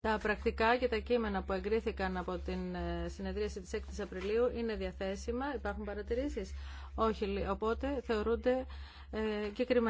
Τα πρακτικά και τα κείμενα που εγκρίθηκαν από την ε, συνεδρίαση της 6ης Απριλίου είναι διαθέσιμα. Υπάρχουν παρατηρήσεις. Όχι, οπότε θεωρούνται ε,